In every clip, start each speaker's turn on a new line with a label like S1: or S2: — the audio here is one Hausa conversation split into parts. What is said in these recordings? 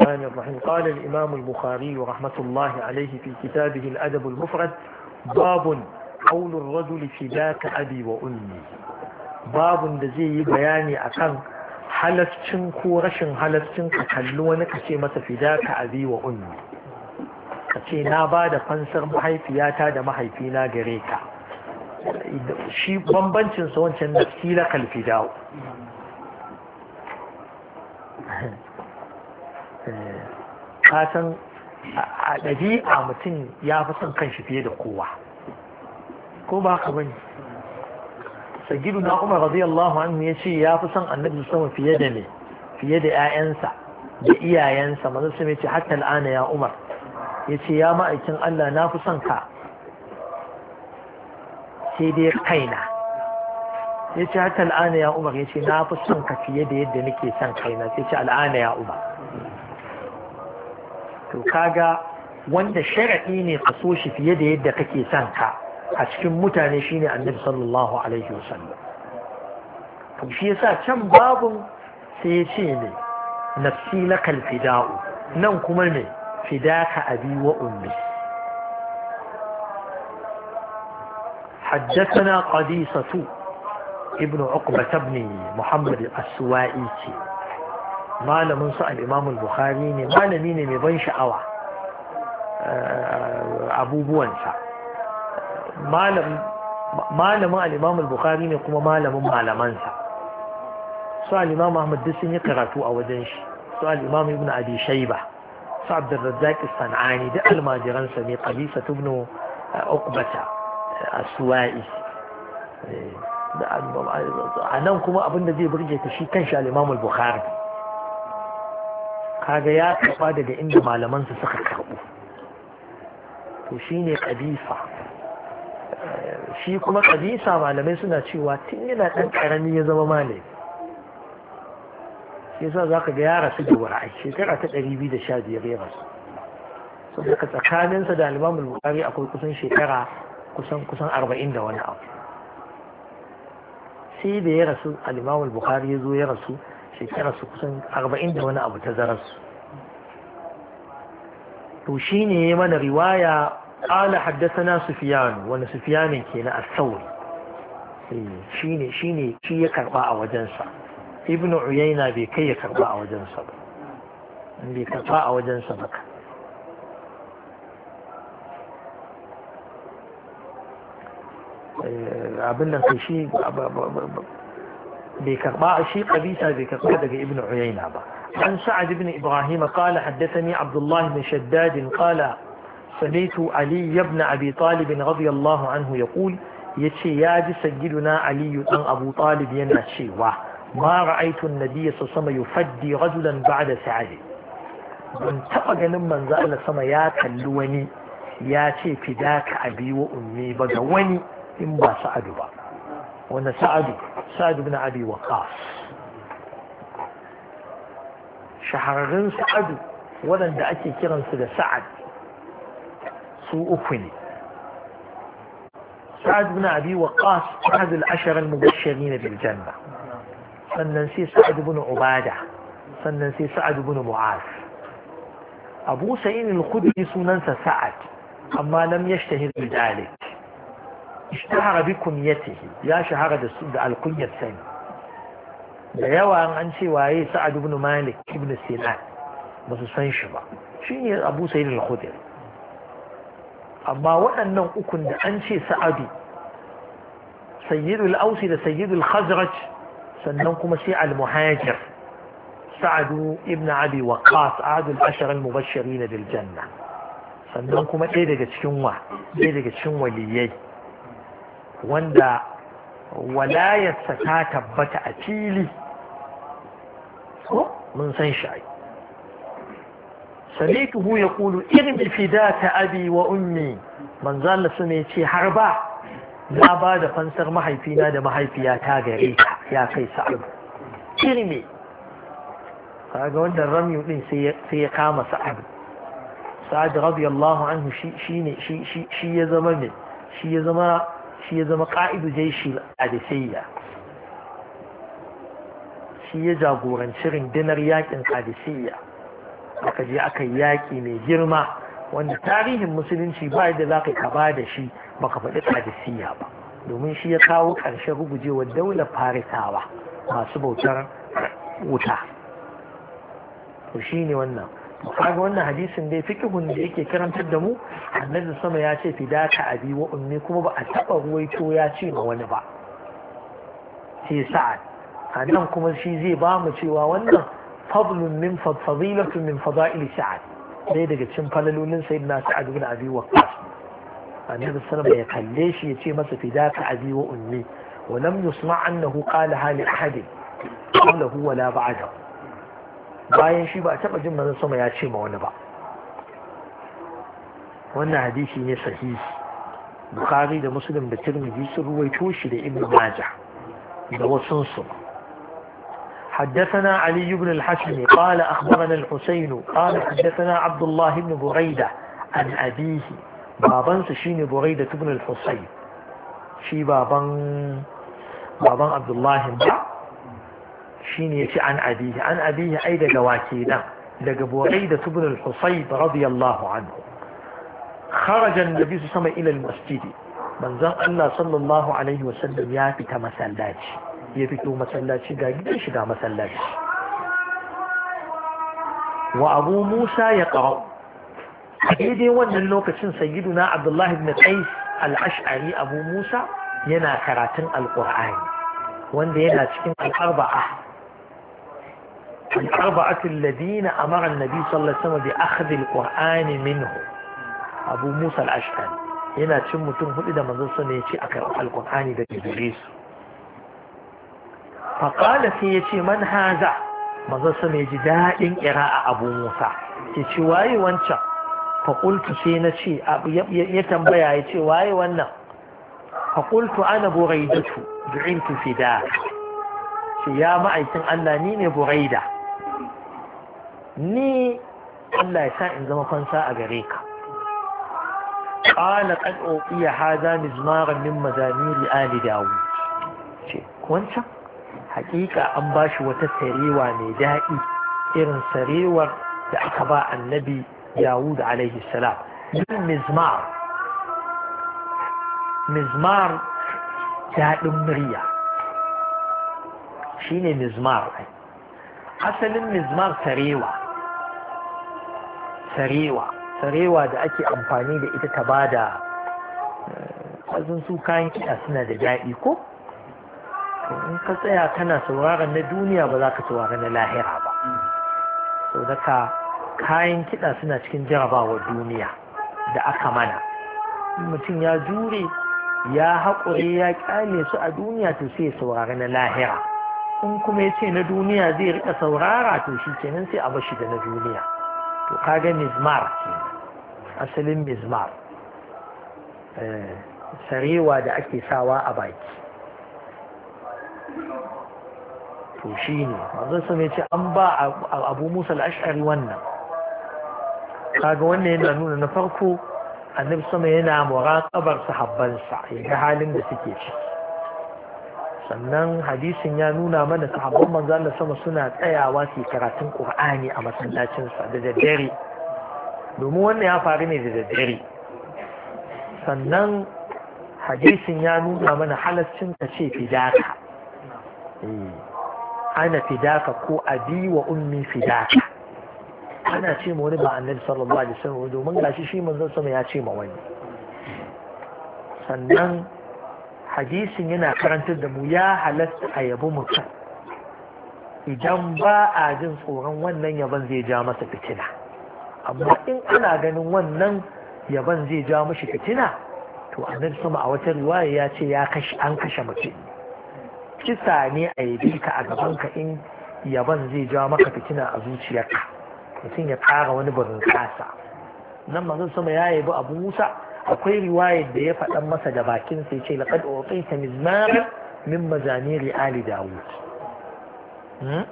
S1: الرحمن الرحيم قال الإمام البخاري رحمة الله عليه في كتابه الأدب المفرد باب قول الرجل فداك أبي وأمي باب دزي بياني أكان halaccin ko rashin halaccin ka kalli wani ka ce masa fida ka abi wa ummi ka ce na ba da fansar mahaifiyata da mahaifina gare shi bambancin wancan nafsi la ka san a ɗabi'a mutum ya fi son kanshi fiye da kowa ko ba haka bane sagidu na umar radiyallahu anhu ya ce ya fi son annabi sama fiye da me fiye da 'ya'yansa da iyayensa manzo sai ya ce hatta al'ana ya umar ya ce ya ma'aikin Allah na fi son ka sai dai kaina ya ce hatta al'ana ya umar ya ce na fi son ka fiye da yadda nake son kaina sai ce al'ana ya umar to kaga wanda shara'i ne ka so shi fiye da yadda kake son ka a cikin mutane shine annabi sallallahu alaihi wasallam to shi yasa can babun sai ya ce ne nafsi lakal fida'u nan kuma ne fidaka abi wa ummi حدثنا قديسة ابن عقبة بن محمد السوائي malamin su al-imam bukhari ne malami ne mai ban sha'awa eh, abubuwansa malamin al-imam bukhari ne kuma malamin malamansa su al ahmad duk sun yi karatu a wajen shi su al ibn abi shayba su abdurrazzaq sanani duk almajiransa ne qabisa ibn eh, uqbata eh, a suwai a nan kuma abinda zai burge ta shi kan shi Al'imamul bukhari kaga ya karɓa daga inda malamansa suka karɓo to shine kabisa shi kuma kabisa malamai suna cewa tun yana ɗan ƙarami ya zama malami shi sa za ka ga ya rasu da wura'ai shekara ta ɗari biyu da sha biyar ya rasu saboda tsakaninsa da alimamul bukari akwai kusan shekara kusan kusan arba'in da wani abu sai da ya rasu alimamul bukari ya zo ya rasu shekara su kusan arba'in da wani abu ta zararsu to shine ya mana riwaya qala haddathana sufiyanu wani sufyan kenan as-sawri eh, shine shine shi ya karba a wajensa ibn uyayna bai kai ya karba a wajensa ba bai karba a wajensa ba eh, abin nan kai shi bai karba shi qabisa bai karba daga ibnu uyayna ba an sa'ad ibn ibrahim qala haddathani abdullahi bin shaddad qala sami'tu ali ibn abi talib radiyallahu anhu yaqul yace ya ji sajiduna ali dan abu talib yana cewa ma ra'aytu an-nabiy sallallahu alaihi wasallam yufaddi rajulan ban taɓa ganin manzo Allah sama ya kalli wani ya ce ka abi wa ummi ba ga wani in ba sa'adu ba وأن سعد سعد بن أبي وقاص شحرغن سعد ولن دعتي كيران سيدة سعد سوء أفني سعد بن أبي وقاص أحد العشر المبشرين بالجنة فننسي سعد بن عبادة فننسي سعد بن معاذ أبو سعيد الخدري سننسى سعد أما لم يشتهر بذلك ishtahara bi kunyatihi ya shahara da da alkunyar sani da yawa an ce waye sa'ad ibn malik ibn sinan ba su san shi ba shine abu sayyid al-khudri amma waɗannan ukun da an ce sa'adu sayyidul ausi da sayyidul khazraj sannan kuma sai al-muhajir sa'adu ibn abi waqas adul ashar al-mubashirin bil janna sannan kuma ɗaya daga cikin daga cikin wanda walayarsa ta tabbata a fili ko mun san shi ai sami'tuhu irin irmi fidata abi wa ummi manzo Allah su ne ce har ba na ba da fansar mahaifina da mahaifiyata gare ka ya kai sa'ad irmi kaga wanda ramyu din sai ya kama sa'ad sa'ad radiyallahu anhu shi ne shi ya zama ne shi ya zama shi ya zama ka'idu jaishi kadisiyya shi ya jagoranci rundunar yakin kadisiyya aka je aka yi yaƙi mai girma wanda tarihin musulunci ba da za ka kaba da shi baka faɗi kadisiyya ba domin shi ya kawo ƙarshen rugujewa daular farisawa masu bautar wuta to shi ne wannan Mu kaga wannan hadisin dai fikihun da yake karantar da mu annabi sama ya ce fidaka abi wa ummi kuma ba a taba ruwaito ya ce ma wani ba sai sa'ad a nan kuma shi zai ba mu cewa wannan fadlun min fadilatu min fada'il sa'ad dai daga cikin falalolin sayyidina sa'ad ibn abi waqqas annabi sallallahu ya kalle shi ya ce masa fidaka abi wa ummi wa lam yusma annahu qala hali ahadin qala huwa bayan shi ba a taɓa jin manzon sama ya ce ma wani ba wannan hadisi ne sahihi bukhari da muslim da tirmidhi sun ruwaito shi da ibn majah da wasunsu حدثنا علي بن الحسن قال أخبرنا الحسين قال حدثنا عبد الله بن بريدة عن أبيه بابا شين بريدة بن الحسين شي بابا بابا عبد الله بن shine yace an abihi an abihi ai daga wake nan daga borai da tubul al-husayb radiyallahu anhu kharaja an-nabi sama ila al-masjid manzon Allah sallallahu alaihi sallam ya fita masallaci ya fito masallaci ga gidan shiga masallaci wa abu musa ya qara a daidai wannan lokacin sayyiduna abdullahi ibn qais al-ash'ari abu musa yana karatun alqur'ani wanda yana cikin al-arba'a الأربعة الذين أمر النبي صلى الله عليه وسلم بأخذ القرآن منه أبو موسى الأشعري yana cin mutum hudu da manzon sun ya ce a karɓi alƙur'ani da gare su faƙala sai ya ce man haza manzon sun ya ji daɗin ƙira a abu musa ya ce waye wancan faƙultu sai na ce ya tambaya ya ce waye wannan faƙultu ana buraidatu du'intu fida ce ya ma'aikin allah ni ne buraida ni Allah ya sa in zama fansa a gare ka qala qad uqiya hadha mizmaran min mazamir ali daud ce kwanta hakika an bashi wata sarewa mai dadi irin sarewar da aka ba annabi daud alaihi salam min mizmar mizmar dadin murya shine mizmar asalin mizmar sarewa sarewa sarewa da ake amfani da ita ta bada da eh, su kayan kiɗa suna da daɗi ko in ka tsaya kana sauraron na duniya ba za ka saurara na lahira ba sau daga kayan kiɗa suna cikin jarabawar duniya da aka mana mutum ya jure ya haƙure ya ƙyale su a duniya to sai ya na lahira in kuma ya ce na duniya zai riƙa saurara to shi kenan sai a bashi da na duniya to kaga mizmar ke asalin mizmar eh, sarewa da ake sawa a baki to shi ne manzon sun ce an ba abu musa al'ashari wannan kaga wannan yana nuna na farko annabi sama yana kabarsa sahabbansa ya ga halin da suke ciki sannan hadisin ya nuna mana sahabban manzo Allah sama suna tsayawa su karatun Qur'ani a masallacinsa da daddare domin wannan ya faru ne da daddare sannan hadisin ya nuna mana halaccin ka ce fidaka eh, ana fidaka ko abi wa ummi fidaka ana ce ma wani ba annabi sallallahu alaihi wasallam domin gashi shi manzan sama ya ce ma wani sannan hadisin yana karantar da mu ya halatta a yabo mutum idan ba a jin tsoron wannan yaban zai ja masa fitina amma in ana ganin wannan yaban zai ja mashi fitina to a nan sama a wata riwaya ya ce ya kashe an kashe mutum kisa ne a yabi ka a gaban ka in yaban zai ja maka fitina a zuciyarka mutum ya kara wani barin kasa nan mazan sama ya yabi abu musa akwai riwayar da ya faɗa masa da bakin sai ce laqad ta mizmara min mazamiri ali dawud hmm?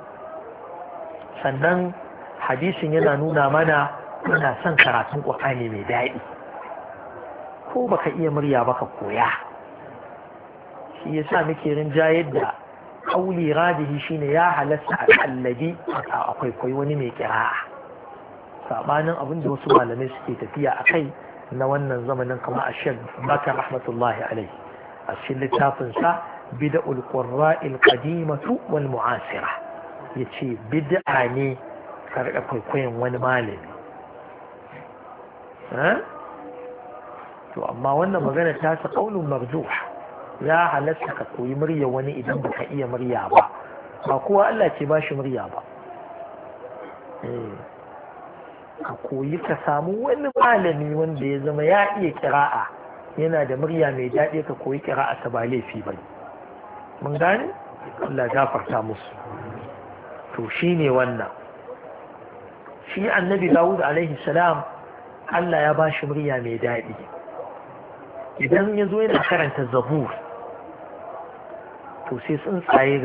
S1: sannan hadisin yana nuna mana muna son karatun ƙur'ani mai daɗi ko baka iya murya ba ka koya shi ya sa muke rinjayar da ƙauli rajihi shine ya halasta a a akwai kwai wani mai kira'a sabanin abin da wasu malamai suke tafiya a kai na wannan zamanin kama a shek baka rahmatullahi alai a cikin littafinsa bida'ul qurra'il qadimatu wal mu'asira yace bid'a ne karɗa kwaikwayon wani malami to amma wannan magana ta sa ƙaunin marjuh ya halatta ka koyi murya wani idan baka iya murya ba ba kowa Allah ce ba shi murya ba eh. ka koyi ka samu wani malami wanda ya zama ya iya kira'a yana da murya mai daɗi ka koyi kira'a ta ba laifi ba mun gane Allah gafarta musu to shine wannan shi annabi Dawud alaihi salam Allah ya ba shi murya mai daɗi idan ya zo yana karanta zabur to sai tsuntsaye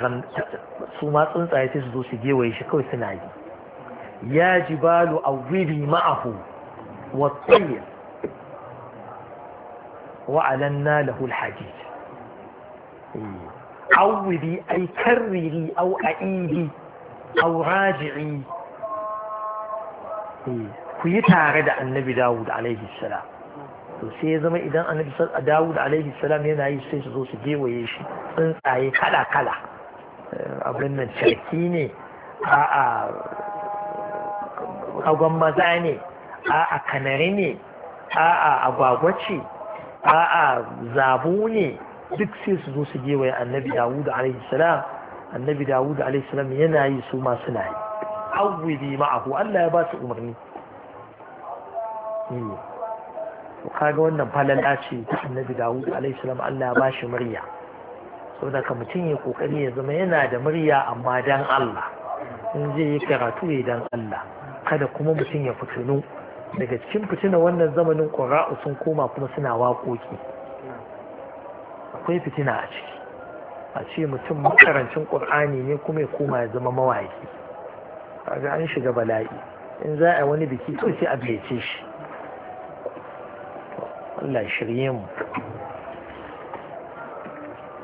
S1: su ma tsuntsaye sai su zo su gewaye shi kawai suna yi ya jibalu awwiri ma'ahu wa tsayyir wa alanna lahu alhajij awwiri ay karriri aw aidi aw raji'i ku yi tare da annabi dawud alaihi salam to sai ya zama idan annabi dawud alaihi salam yana yi sai su zo su gewaye shi tsuntsaye kala kala abin nan sarki ne a agon maza ne a kanari ne a'a agwagwa ce a'a zabu ne duk sai su zo su yi annabi dawud alaihi salam annabi dawud alaihi salam yana yi su ma suna yi awwidi ma'ahu Allah ya ba su umarni eh. kaga wannan falala ce ta annabi dawud alaihi salam Allah ya ba shi murya saboda ka mutum ya kokari ya zama yana da murya amma dan Allah in zai yi karatu ya dan Allah kada kuma mutum ya fitinu daga cikin fitina wannan zamanin ƙura'u sun koma kuma suna waƙoƙi akwai fitina a ciki a ce mutum makarancin ƙur'ani ne kuma ya koma ya zama mawaƙi kaga an shiga bala'i in za a wani biki to sai a shi Allah shirye mu